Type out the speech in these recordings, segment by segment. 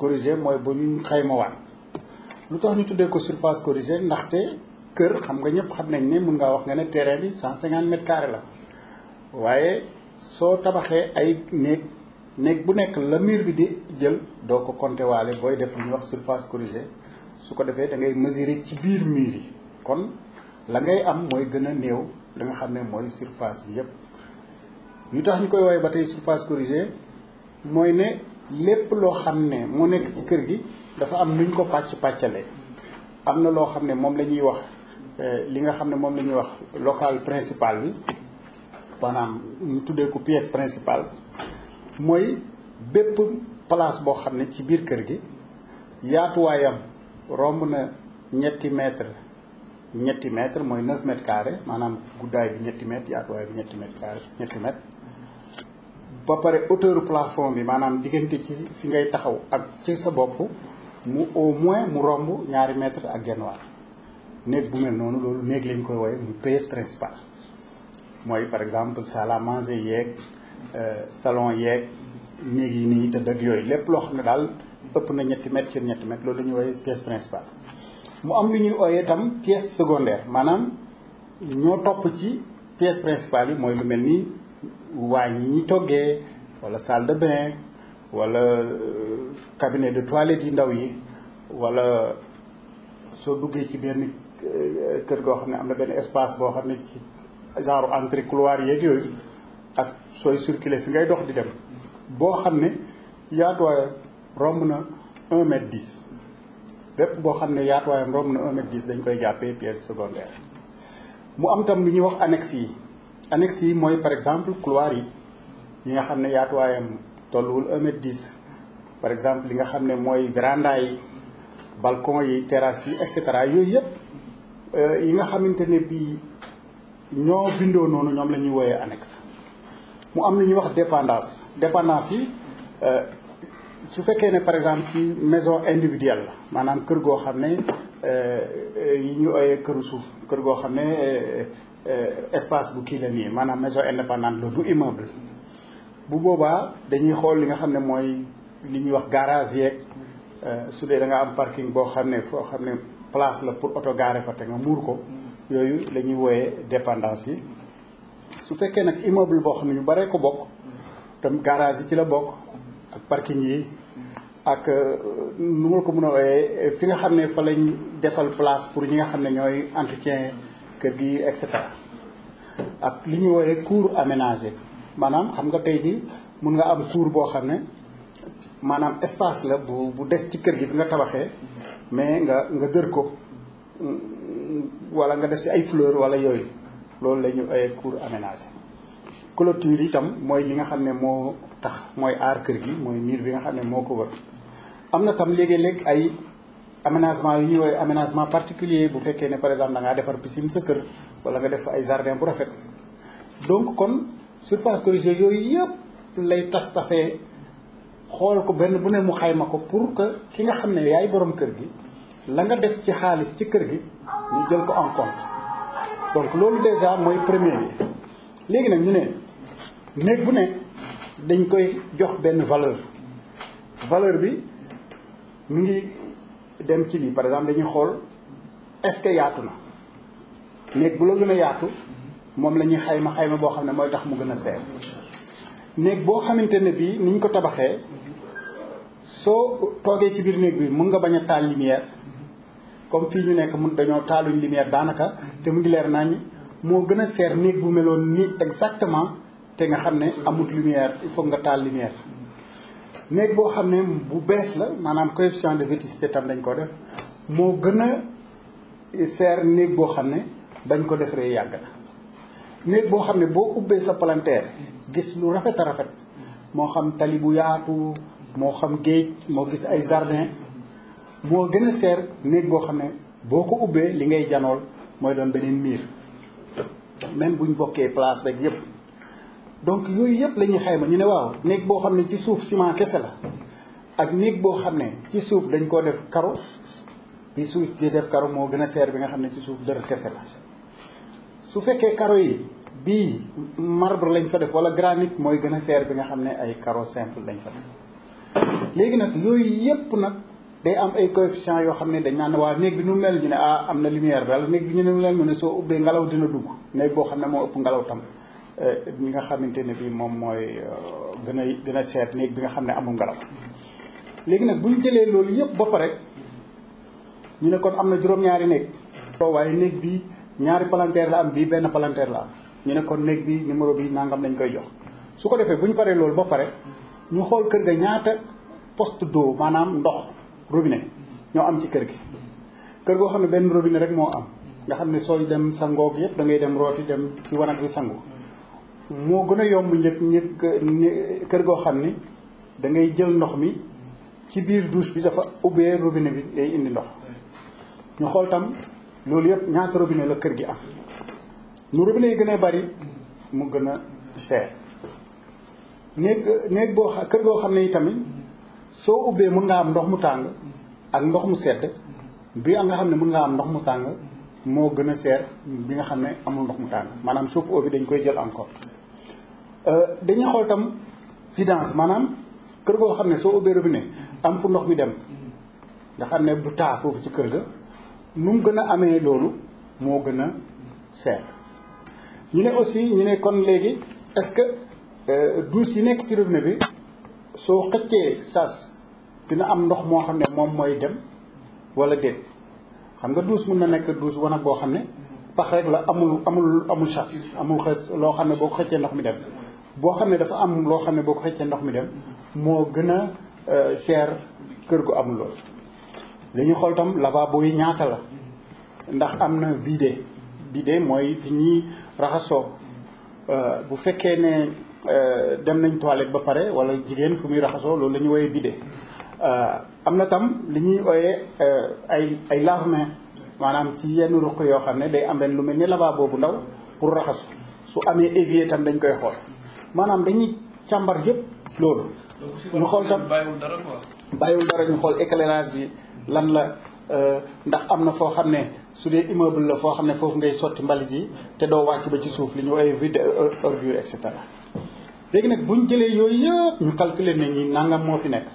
corrigé mooy bu ñu xayma waat lu tax ñu tuddee ko surface corrigée ndaxte kër xam nga ñëpp xam nañ ne mun ngaa wax nga ne terrain bi cent cinquante mètres carrés la waaye soo tabaxee ay néeg néeg bu nekk la miir bi di jël doo ko compté waale booy def lu ñuy wax surface corrigée su ko defee da ngay mesurer ci biir mur yi kon la ngay am mooy gën a néew danga xam ne mooy surface bi yëpp ñu tax ñu koy woowee ba tey surface corrigée mooy ne lépp loo xam ne moo nekk ci kër gi dafa am nuñ ko pàcc pàccale am na loo xam ne moom la ñuy wax euh, li nga xam ne moom la wax local principal bi maanaam ñu tuddee ko pièce principale mooy bépp place boo xam ne ci biir kër gi yaatuwaayam romb na ñetti mètre ñetti mètre mooy 9 mètres carré maanaam guddaay bi ñetti mètre yaatuwaay bi ñetti mètre carré ñetti mètre ba pare hauteur plafond bi maanaam diggante ci fi ngay taxaw ak ci sa bopp mu au moins mu romb ñaari mètre ak genn wàll néeg bu mel noonu loolu néeg lañ koy wooye mu pièce principale mooy par exemple salle à manger yeeg euh, salon yeeg néeg yi nii te ak yooyu lépp loo xam ne daal ëpp na ñetti mètre ci ñetti mètre loolu la ñuy wooye pièce principale mu am lu ñuy ooyee tam pièce secondaire maanaam ñoo topp ci pièce principale yi mooy lu mel nii waañ yi ñuy toggee wala salle de bain wala euh, cabinet de toilette yi ndaw yi wala soo duggee ci benn euh, kër goo xam ne am na benn espace boo xam ne ci genre entrée couloir yeeg yooyu ak sooy circuler fi ngay dox di dem boo xam ne yaatuwaayam romb na un mètre dix bépp boo xam ne yaatuwaayam romb na un mètre dix dañ koy jàppee pièce secondaire mu am tam lu ñuy wax annexe yi annexe yi mooy par exemple couloir yi yi nga xam ne yaatuwaayam tolluwul 1 mètre 10 par exemple li nga xam ne mooy véranda yi balcon yi terrasse yi et cetera yooyu yëpp euh, yi nga xamante ne bii ñoo bindoo noonu ñoom la ñuy wooyee annexe mu am lu ñuy wax dépendance dépendance yi euh, su fekkee ne par exemple ci maison individuelle la maanaam kër goo xam ne euh, yi ñu ooyee këru suuf kër goo xam ne Eh, espace bu kii la nii maanaam maison indépendante la du immeuble bu boobaa dañuy xool li nga xam ne mooy li ñuy wax garage yeeg eh, su dee am parking boo xam ne foo xam ne place la pour auto garé fa te nga muur ko yooyu la ñuy wooyee dépendance yi su fekkee nag immeuble boo xam ne ñu baree ko bokk tam garage yi ci la bokk ak parking yi ak eh, nu nga ko mën a fi nga xam ne fa lañ defal place pour ñi nga xam ne entretien kër gi et cetera ak li ñu wooyee cour aménagé maanaam xam nga tey ji mun nga am cours boo xam ne maanaam espace la bu bu des ci kër gi bi nga tabaxee mais nga nga dër ko mm, wala nga def si ay fleur wala yooyu loolu la ñu ay cours aménagé clôture itam mooy li nga xam ne moo tax mooy aar kër gi mooy miir bi nga xam ne moo ko wër am na tam léegi-léeg ay aménagement yu ñuy woowee aménagement particulier bu fekkee ne par exemple da ngaa defar piscine sa kër wala nga def ay jardin bu rafet donc kon surface corrigée yooyu yëpp lay tas tasee xool ko benn bu ne mu xayma ko pour ki nga xam ne yaay borom kër gi la nga def ci xaalis ci kër gi ñu jël ko en compte donc loolu déjà mooy premier bi léegi nag ñu ne néeg bu ne dañ koy jox benn valeur valeur bi mu ngi. dem ci lii par exemple dañuy xool est-ce que yaatu na néeg bu la gën a yaatu moom la ñuy xayma xayma boo xam ne mooy tax mu gën a seer néeg boo xamante ne bii ni ñu ko tabaxee soo toogee ci biir néeg bi mun nga bañ a taal lumière comme fii ñu nekk mun dañoo taaluñ lumière daanaka te mu ngi leer nañ moo gën a seer néeg bu meloon nii exactement te nga xam ne amut lumière il faut nga taal lumière. néeg boo xam ne bu bees la maanaam coefficient de vétusté tam dañ ko def moo gën a seer néeg boo xam ne dañ ko def ree yàgg na néeg boo xam ne boo ubbee sa palanteer gis lu rafet a rafet moo xam tali bu yaatu moo xam géej moo gis ay jardin moo gën a seer néeg boo xam ne boo ko ubbee li ngay janool mooy doon beneen miir même buñ bokkee place rek yëpp donc yooyu yëpp la ñuy xayma ñu ne waaw néeg boo xam ne ci suuf ciment kese la ak néeg boo xam ne ci suuf dañ koo def karo bi suuf di def karo moo gën a seer bi nga xam ne ci suuf dër kese la su fekkee karo yi bii marbre lañ fa def wala granit mooy gën a seer bi nga xam ne ay karo simple lañ fa def léegi nag yooyu yëpp nag day am ay coefficient yoo xam ne dañ naan waa néeg bi nu mel ñu ne ah am na lumière daal néeg bi ñu ne mel mu ne soo ubbee ngelaw dina dugg néeg boo xam ne moo ëpp ngelaw tam ñi nga xamante ne bii moom mooy euh, gën a gën a seet néeg bi nga xam ne amul garab léegi nag bu ñu jëlee loolu yëpp ba pare ñu ne kon am na juróom-ñaari néeg. Oh, waaye néeg bi ñaari palanteer la am bii benn palanteer la am ñu ne kon néeg bi numéro bi nangam lañ koy jox su ko defee bu ñu paree loolu ba pare ñu xool kër ga ñaata poste d'eau maanaam ndox robinet ñoo am ci kër gi. kër goo xam ne benn robinet rek moo am nga xam ne sooy dem sangoog yëpp da ngay dem rooti dem ci wanag bi moo gën a yomb njëkk ñëpp kër goo xam ni da ngay jël ndox mi ci biir duus bi dafa ubbee robinet bi day indi ndox ñu xool tam loolu yëpp ñaata robinet la kër gi am nu robinet yi gën a bari mu gën a cher néeg néeg boo kër goo xam ne tamit soo ubbee mën nga am ndox mu tàng ak ndox mu sedd bi nga xam ne mun nga am ndox mu tàng moo gën a seer bi nga xam ne amul ndox mu tàng maanaam suuf bi dañ koy jël encore Euh, dañu xol tam vidance manam kër go xam so soo robiné am fu ndox mi dem nga xamné bu ta fofu ci kër ga num gëna amé lolu mo gëna sét ñu né aussi ñu né kon légui est-ce que euh, douche yi nekk ci robiné bi so xëccé sas dina am ndox mo xamné mom moy dem wala dé xam nga douce mën na nekk douce wanag bo xamné pax rek la amul amul amul chasse amul xës lo xam bo boo ndox mi dem boo xam ne dafa am loo xam ne boo ko xëccee ndox mi dem moo gën a euh, seer kër gu amul loolu dañuy xool tam lavabo yi ñaata la ndax am na bidet bidet mooy fi ñuy raxasoo euh, bu fekkee ne euh, dem nañ toilette ba pare wala jigéen fu muy raxasoo loolu lañu ñuy woyee bidet am na tam li ñuy ooyee ay ay lave-mains maanaam ci yenn ruq yoo xam ne day am benn lu mel ni lavabo bu ndaw pour raxasu su amee évier tam dañ koy xool maanaam dañuy càmbar yépp loolu. ñu xool tam bàyyiwul dara quoi. bàyyiwul dara ñu xool éclairage bi lan la euh, ndax am na foo xam ne su dee immeuble la foo xam ne foofu ngay sotti mbali ji te doo wàcc ba ci suuf li ñu ay vide ordure euh, et cetera. léegi nag bu jëlee yooyu yëpp ñu calculer ne nangam moo fi nekk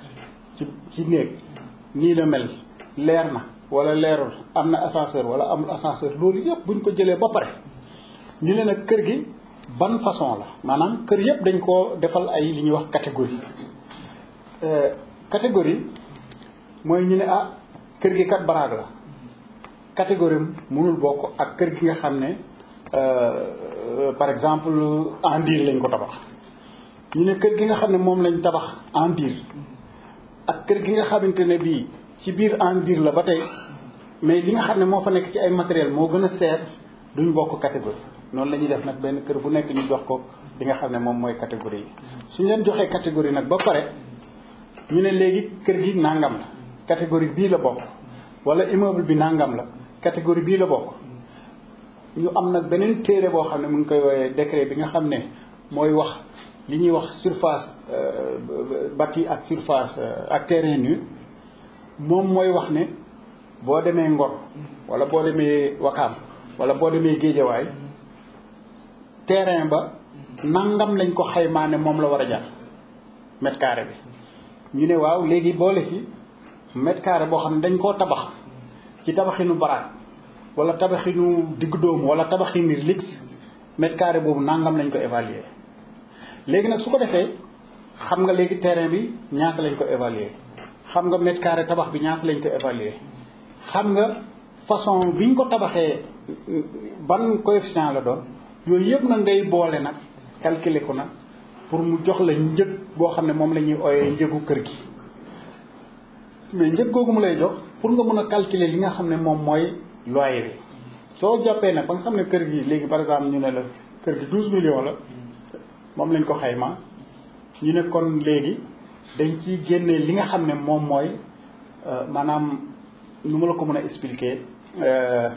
ci ci néeg nii la mel leer na wala leerul am na assenceur wala amul ascenseur loolu yëpp bu ñu ko jëlee ba pare ñu ne nag kër gi ban façon la maanaam kër yëpp dañ koo defal ay li ñuy wax catégorie euh, catégorie mooy ñu ne ah kër gi kat baraag la catégorie mënul bokk ak kër gi nga xam ne euh, par exemple en lañ ko tabax ñu ne kër gi nga xam ne moom lañ tabax en dur ak kër gi nga xamante ne bii ci biir en la ba tey mais li nga xam ne moo fa nekk ci ay matériel moo gën a seer duñu bokk catégorie noonu la ñuy def nag benn kër bu nekk ñu jox ko li nga xam ne moom mooy catégorie yi suñ leen joxee catégorie nag ba pare ñu ne léegi kër gi nangam la catégorie bii la bokk wala immeuble bi nangam la catégorie bii la bokk ñu am nag beneen téere boo xam ne mu ngi koy woowee décret bi nga xam ne mooy wax li ñuy wax surface euh, bâti ak surface euh, ak terrain nu moom mooy wax ne boo demee Ngor wala boo demee Wakaam wala boo demee Géejawaay terrain ba nangam lañ ko xaymaa ne moom la war a jar mett carré bi ñu ne waaw léegi boole si mètre carré boo xam ne dañ koo tabax ci tabaxinu baraak wala tabaxinu diggu dóomu wala tabaxinu lix mètre carré boobu nàngam lañ ko évaluer léegi nag su ko defee xam nga léegi terrain bi ñaata lañ ko évaluer xam nga mètre carré tabax bi ñaata lañ ko évaluer xam nga façon biñ ko tabaxee ban coefficient la doon yooyu yëpp nag ngay boole nag calculer ko nag pour mu jox la njëg boo xam ne moom la ñuy ooyee njëgu kër gi mais njëg googu mu lay jox pour nga mun a calculer li nga xam ne moom mooy loyer soo jàppee nag ba nga xam ne kër gi léegi par exemple ñu ne la kër gi douze la moom lañ ko xayma ñu ne kon léegi dañ ci génne li nga xam ne moom mooy euh, maanaam nu ma la ko mën a expliquer euh,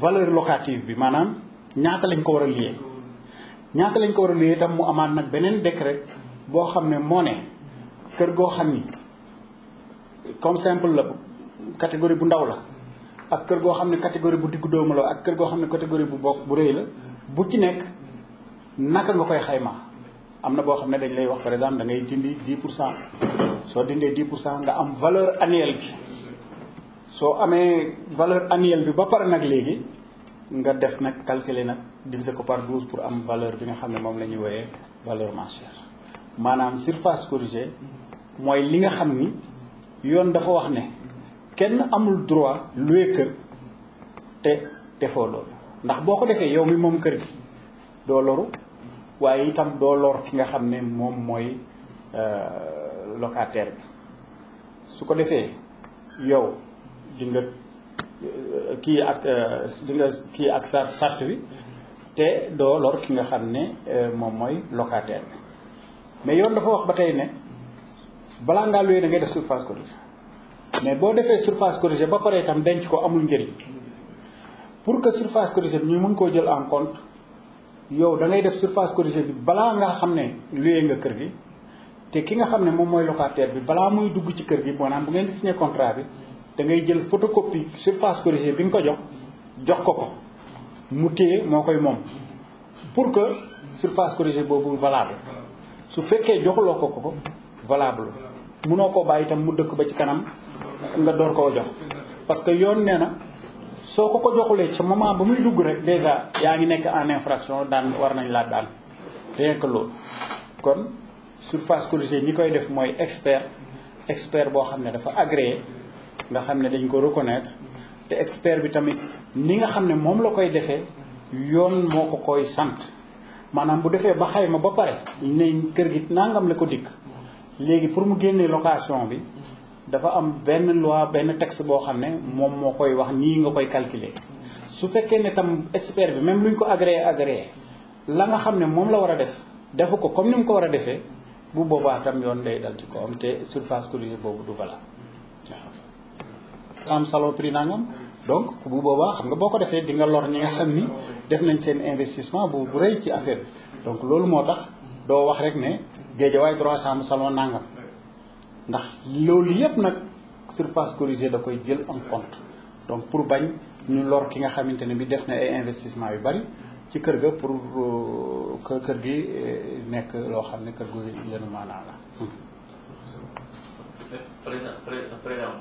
valeur locative bi maanaam ñaata lañ ko war a liyee ñaata lañ ko war a liyee tam mu amaan nag beneen décret boo xam ne moo ne kër goo xam ni comme simple la catégorie bu ndaw la ak kër goo xam ne catégorie bu diggu doomu la ak kër goo xam ne catégorie bu bokk bu rëy la bu ci nekk naka nga koy xayma am na boo xam ne dañ lay wax par exemple da ngay dindi 10 pour cent soo dindee 10 pour cent nga am valeur annuelle bi soo amee valeur annuelle bi ba pare nag léegi nga def nag calculer nag diviser ko par douze pour am valeur bi nga xam ne moom la ñuy wooyee valeur mensuelle maanaam surface corrigée mooy li nga xam ni yoon dafa wax ne kenn amul droit louer kër te defoo loolu ndax boo ko defee yow mi moom kër gi doo loru waaye itam doo lor ki nga xam ne moom mooy euh, locataire bi su ko defee yow di kii ak euh, di kii ak sart sart wi te doo lor ki nga xam ne euh, moom mooy locater bi mais yoon dafa wax ba tey ne balaa ngaa luwee da ngay def surface corrigée mais boo defee surface corrigée ba pare itam denc ko amul njëriñ pour que surface corrigée bi ñu mun koo jël en compte yow dangay ngay def surface corrigée bi balaa ngaa xam ne luwee nga kër gi te ki nga xam ne moom mooy locataire bi balaa muy dugg ci kër gi moo naan bu ngeen di signé contrat bi da ngay jël photocopie surface corrigée bi nga ko jox jox ko ko mu téye moo koy moom pour que surface corrigée boobu valable su fekkee joxuloo ko ko ko valable mënoo koo bàyyi tam mu dëkk ba ci kanam nga door koo jox parce que yoon nee na soo ko ko joxulee ca moment ba muy dugg rek déjà yaa ngi nekk en infraction daan war nañ laa daan rien que loolu kon surface corrigée ñi koy def mooy expert expert boo xam ne dafa agréé nga xam ne dañ ko reconnaître te expert bi tamit ni nga xam ne moom la koy defee yoon moo ko koy sant maanaam bu defee ba xayma ba pare ne kër gi nangam la ko dikk léegi pour mu génnee location bi dafa am benn loi benn texte boo xam ne moom moo koy wax nii nga koy calculer su fekkee ne tam expert bi même luñ ko agréé agréé la nga xam ne moom la war a def defu ko comme ni mu ko war a defee bu boobaa tam yoon day dal ci ko am te surface corrigée boobu du valable am salo prix nangam donc ku bu boba xam nga boko defé di nga lor ñi nga xamni def nañ seen investissement bu bu reuy ci affaire donc lolu motax do wax rek ne way 300 mu salon nangam ndax lolu yépp nak surface corrigée da koy jël en compte donc pour bañ ñu lor ki nga xamante bi def na ay investissement yu bari ci kër ga pour que kër gi nek lo xam kër gu yenu maanaa la président président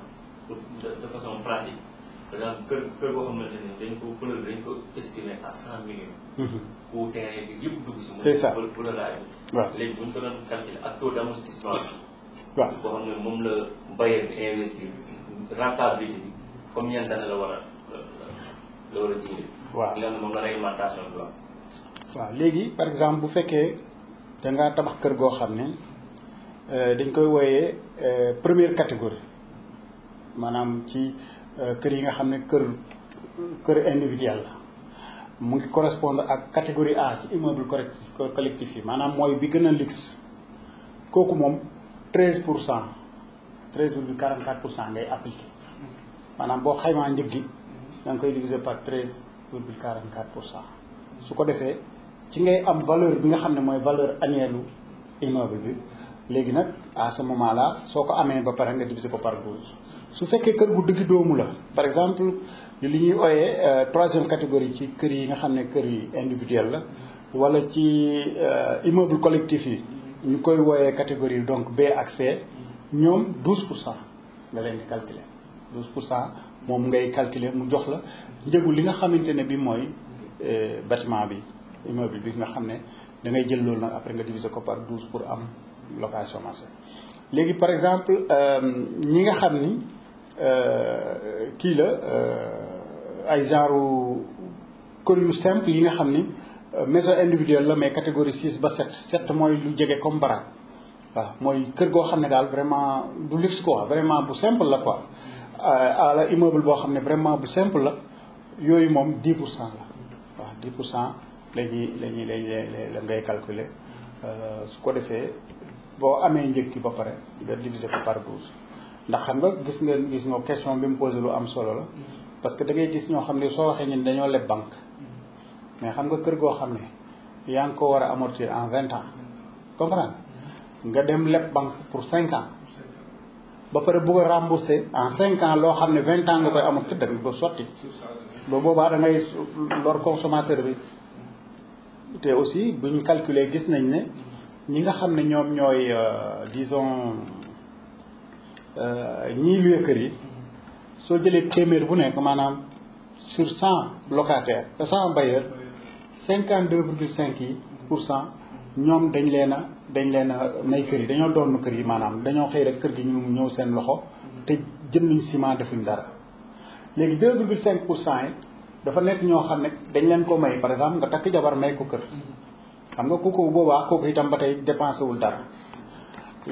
de façon pratique par exemple que kër boo xamante ni dañ ko fleur dañ ko estimer à 100 millions. pour terrain bi yëpp dugg si. ça pour le rail. Les léegi bu ñu calculer ak taux rentabilité combien dana la war a la a jiire. réglementation par exemple bu da tabax eh, dañ koy euh première catégorie. maanaam ci euh, kër yi nga xam ne kër kër individuel la mu ngi correspondre ak catégorie A ci immeuble collectif collectif yi maanaam mooy bi gën a luxe kooku moom treize pour cent treize virgule quarante quatre pour cent ngay appliqué maanaam boo xaymaa njëg gi da nga koy diviser par treize virgule quarante quatre pour cent su ko defee ci ngay am valeur bi nga xam ne mooy valeur annuelle immeuble bi léegi nag à ce moment soo ko amee ba pare nga diviser ko par douze su fekkee kër gu digg doomu la par exemple li ñuy ooyee euh, troisième catégorie ci kër yi nga xam ne kër yi individuel la wala ci euh, immeuble collectif yi ñu koy wooyee catégorie donc bee ak ñoom 12 pour cent nga leen di calculer 12 pour cent moom ngay calculer mu jox la njëgu li nga xamante ne bi mooy euh, bâtiment bi immeuble bi nga xam ne da ngay jël loolu nag après nga diviser ko par 12 pour am location mensuelle léegi par exemple ñi nga xam ni Euh, kii la euh, ay genre kër yu simple yi nga xam ni euh, maison individuelle la mais catégorie 6 ba 7 7 mooy lu jege comme baraag waaw mooy kër goo xam ne daal vraiment du luxe quoi vraiment bu simple la quoi à la immeuble boo xam ne vraiment bu simple la yooyu moom 10 pour cent la waaw 10 pour cent la ñuy la ñuy la ngay calculer su ko defee boo amee njëg ki ba pare nga diviser ko par douze ndax xam nga gis ngeen gis nga question bi mu posé lu am solo la parce que dangay gis ñoo xam ne soo waxee ñun dañoo leb banque mais xam nga kër goo xam ne yaa ngi ko war a amortir en vingt ans comprendre nga dem leb banque pour cinq ans ba pare bëgg a en cinq ans loo xam ne vingt ans nga koy amortir tamit ba sotti ba boobaa da ngay lor consommateur bi te aussi buñ calculer gis nañ ne ñi nga xam ne ñoom ñooy euh, disons ñiy luye kër yi soo jëlee téeméer bu nekk maanaam sur cent locataire cent bailleurs cinquante deux virgule cinq yi pour cent ñoom dañ leen a dañ leen a may kër yi dañoo doon kër yi maanaam dañoo xëy rek kër gi ñu ñëw seen loxo te jënduñ ciment defuñ dara léegi deux virgule cinq pour cent yi dafa nekk ñoo xam ne dañ leen ko may par exemple nga takk jabar may ko kër xam nga kooku boobaa kooku itam ba tey dépensé wul dara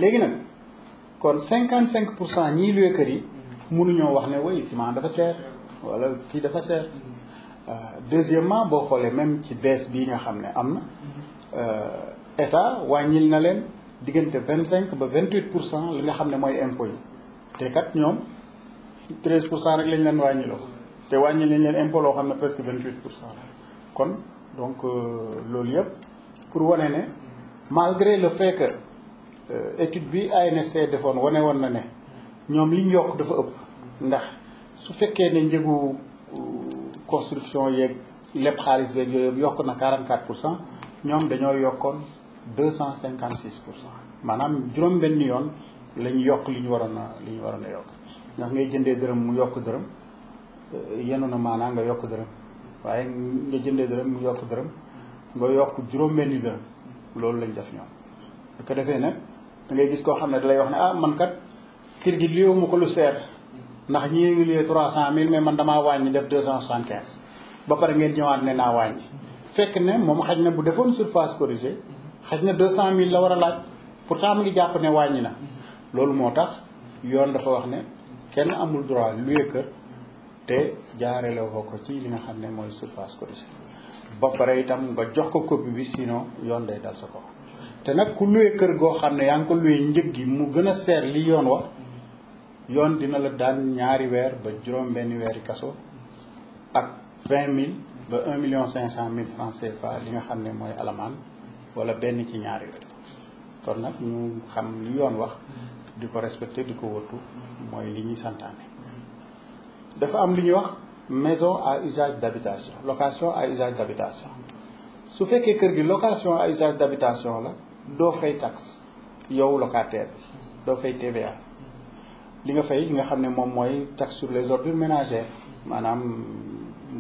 léegi nag kon 55% ñi lieu kër yi mënu ñoo wax ne way ciment dafa cher wala kii dafa cher euh, deuxièmement beaucoup les même ci baissent bien nga xam ne am na euh, état wàññil na leen diggante 25 ba 28% li nga xam ne mooy impôt yi te kat ñoom 13% rek lañ leen wàññiloo te wàññil nañ leen impôt loo xam presque 28% la kon donc euh, loolu yëpp pour wane malgré le fait que Euh, étude bi ANSC defoon wane woon na ne ñoom li ñu yokk dafa ëpp ndax su fekkee ne njëgu euh, construction yeeg lépp xaalis beeg yooyu yokk na 44 pour cent ñoom dañoo yokkoon 256 pour cent maanaam juróom-benn yoon la ñu yokk li ñu waroon a li ñu waroon a yokk ndax ngay jëndee dërëm mu yokk dërëm euh, yenu na maanaa nga yokk dërëm waaye nga jëndee dërëm mu yokk dërëm nga yokk juróom-benni dërëm loolu lañ def ñoom ko defee nag da gis koo xam ne dalay wax ne ah man kat kër gi lieu ko lu seer ndax ñii ngi lieu trois cent mille mais man damaa wàññi def deux cent soixante ba pare ngeen ñëwaat ne naa wàññi fekk ne moom xaj na bu defoon surface corrigée xaj na deux cent mille la war a laaj pourtant mu ngi jàpp ne wàññi na loolu moo tax yoon dafa wax ne kenn amul droit luye kër te jaarale woo ko ci li nga xam ne mooy surface corrigée ba pare itam nga jox ko copie bi sinon yoon day dal sa ko te nag ku luye kër goo xam ne yaa ngi ko luye njëg gi mu gën a seer li yoon wax yoon dina la daan ñaari weer ba juróom benni weeri kaso ak vingt mille ba un million cinq cent mille francs CFA li nga xam ne mooy alamaan wala benn ci ñaari weer kon nag ñu xam li yoon wax di ko respecté di ko wëttu mooy li ñuy santaane dafa am li ñuy wax maison à usage d'habitation location a usage d'habitation su fekkee kër gi location à usage d'habitation la doo fay taxe yow locataire bi doo fay TVA li nga fay li nga xam ne moom mooy taxe sur les ordures ménager maanaam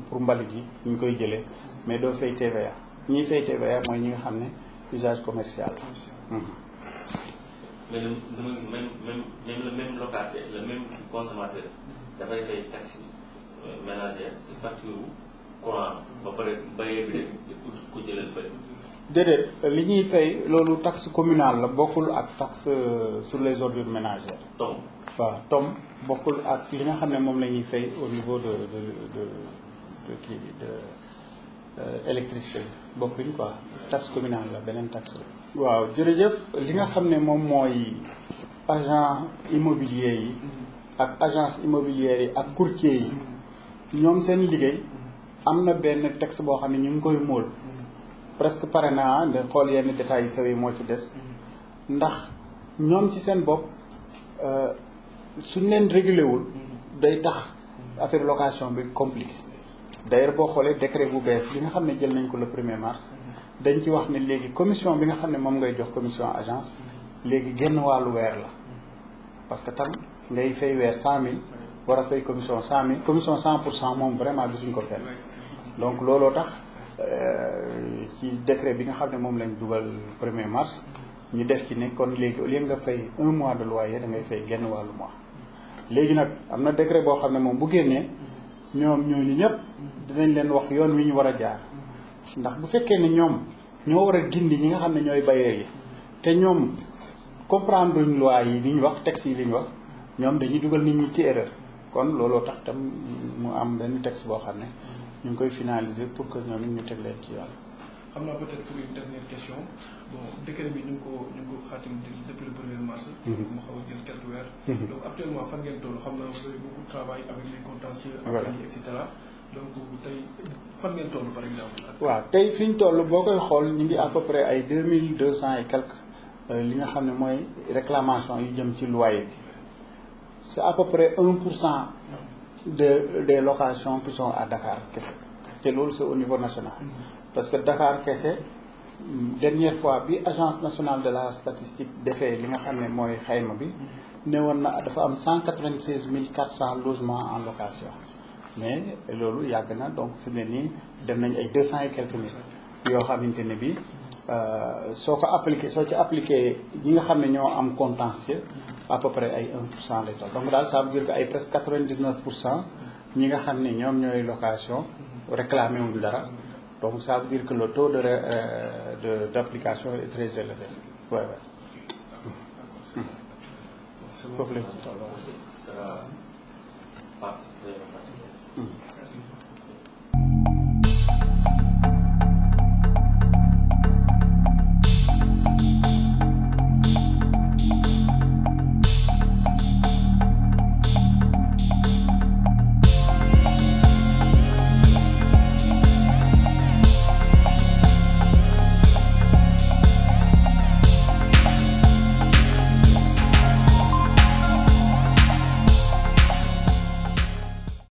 pour mbalit yi ñu koy jëlee mais doo fay TVA ñiy fay TVA mooy ñi nga xam ne usage commercial la. mais le même même même le même dafay fay taxe euh, ménagère si facture courant ba pare bayee bi def ku jëlal fay. déedéet li ñuy fay loolu taxe communale la bokkul ak taxe euh, sur les ordures ménagères. tom fa tom bokkul ak li nga xam ne moom la ñuy fay au niveau de de de de kii de euh, électricité bokkuñ quoi taxe communale la beneen taxe la. waaw jërëjëf li nga xam ne moom mooy agent immobilier yi. ak agence immobilière yi ak courtier yi. ñoom seen liggéey am na benn texte boo xam ne ñu ngi koy mool presque pare naa nga xool yenn détails yi sew yi moo ci des ndax ñoom ci seen bopp euh, suñ leen régulé wul day tax affaire location bi compliqué d'ailleurs boo xoolee décret bu bees bi nga xam ne jël nañ ko le premier mars dañ ci wax ne léegi commission bi nga xam ne moom ngay jox commission agence léegi genn wàllu weer la parce que tam ngay fay weer cent mille war a fay commission cent mille commission cent pour cent moom vraiment gisuñ ko fenn donc looloo tax Euh, ci décret bi nga xam ne moom lañ dugal premier mars ñu def ci ne kon léegi au lieu nga fay un mois de loyer da ngay fay genn wàllu mois léegi nag am na décret boo xam ne moom bu génnee ñoom ñooñu ñëpp dinañ leen wax yoon wi ñu war a jaar ndax bu fekkee ne ñoom ñoo war a gindi ñi nga xam ne ñooy bailleurs yi te ñoom comprendre luñ loi yi li ñu wax texte yi ñu wax ñoom dañuy dugal nit ñi ci erreur kon looloo tax tam mu am benn texte boo xam ne ñu ngi koy finaliser pour que ñoom ñu teg leen ci yoon. xam naa peut-être pour une dernière question bon décret bi ñu ngi ko ñu ngi ko xaatim depuis le premier mars. Mhm. mu xaw a jël quelques weer. Mhm. donc actuellement fan ngeen toll xam naa vous avez beaucoup de travail avec les contentieux. voilà et cetera donc tay fan ngeen toll par exemple. waaw tey fi ñu toll boo koy xool ñu ngi à peu près ay 2200 mille deux cent et quelques euh, li nga xam ne mooy réclamation yu jëm ci loyer bi c'est à peu près 1 pour cent. de des location qui à Dakar kese te loolu c'est au niveau national mm-hmm. parce que Dakar kese dernière fois bi agence nationale de la statistique defee li nga xam ne mooy xayma bi mm-hmm. ne woon na dafa am cent quatre vingt mille quatre cents logements en location mais loolu yàgg na donc fi ne nii dem nañ ay deux cents et quelques mille yoo xamante ne bi soo ko appliqué ci appliqué yi nga xam ne ñoo am contentieux à peu près ay 1 pour cent lay toll donc daal ça veut dire que ay presque 99 pour cent ñi nga xam ne ñoom location réclamé wuñ dara donc ça veut dire que le taux de de d' application est très élevé waaw waaw foofu